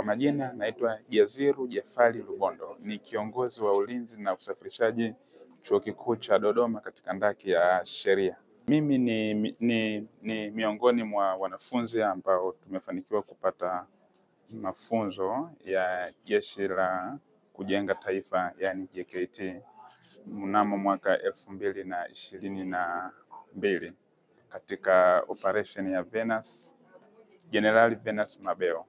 Kwa majina naitwa Jaziru Jafari Lubondo ni kiongozi wa ulinzi na usafirishaji Chuo Kikuu cha Dodoma katika ndaki ya sheria. Mimi ni, ni, ni miongoni mwa wanafunzi ambao tumefanikiwa kupata mafunzo ya Jeshi la Kujenga Taifa yani JKT mnamo mwaka elfu mbili na ishirini na mbili katika operation ya Venus General Venus Mabeo.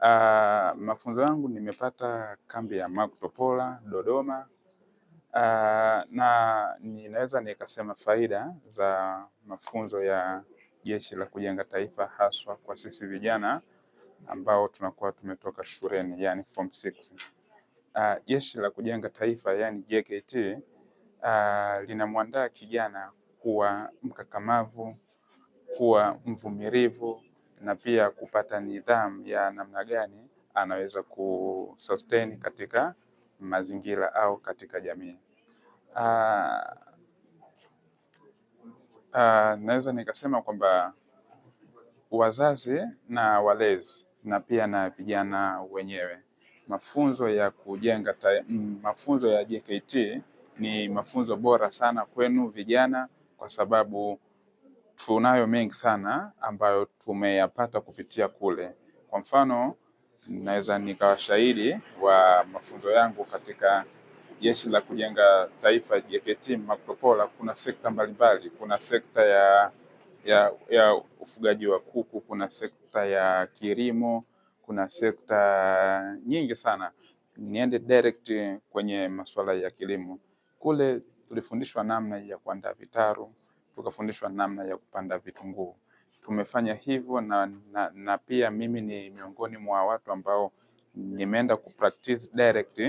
Uh, mafunzo yangu nimepata kambi ya Makutopola Dodoma. Uh, na ninaweza nikasema faida za mafunzo ya Jeshi la Kujenga Taifa haswa kwa sisi vijana ambao tunakuwa tumetoka shuleni yani form 6. Uh, ah, Jeshi la Kujenga Taifa yani JKT uh, linamwandaa kijana kuwa mkakamavu, kuwa mvumilivu na pia kupata nidhamu ya namna gani anaweza kusustain katika mazingira au katika jamii. Uh, uh, naweza nikasema kwamba wazazi na walezi na pia na vijana wenyewe, mafunzo ya kujenga ta, mafunzo ya JKT ni mafunzo bora sana kwenu vijana, kwa sababu tunayo mengi sana ambayo tumeyapata kupitia kule. Kwa mfano, naweza nikawashahidi wa mafunzo yangu katika Jeshi la Kujenga Taifa JKT Makropola, kuna sekta mbalimbali, kuna sekta ya, ya, ya ufugaji wa kuku, kuna sekta ya kilimo, kuna sekta nyingi sana. Niende direct kwenye masuala ya kilimo, kule tulifundishwa namna ya kuandaa vitaru tukafundishwa namna ya kupanda vitunguu. Tumefanya hivyo na, na, na pia mimi ni miongoni mwa watu ambao nimeenda practice direct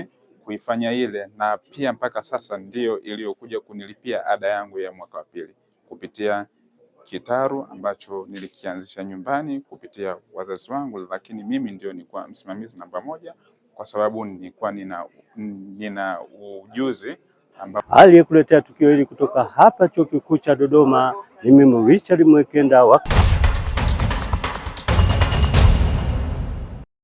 kuifanya ile, na pia mpaka sasa ndiyo iliyokuja kunilipia ada yangu ya mwaka wa pili kupitia kitaru ambacho nilikianzisha nyumbani kupitia wazazi wangu, lakini mimi ndio nilikuwa msimamizi namba moja kwa sababu nilikuwa nina, nina ujuzi Aliyekuletea tukio hili kutoka hapa chuo kikuu cha Dodoma ni mimi Richard Mwekenda wa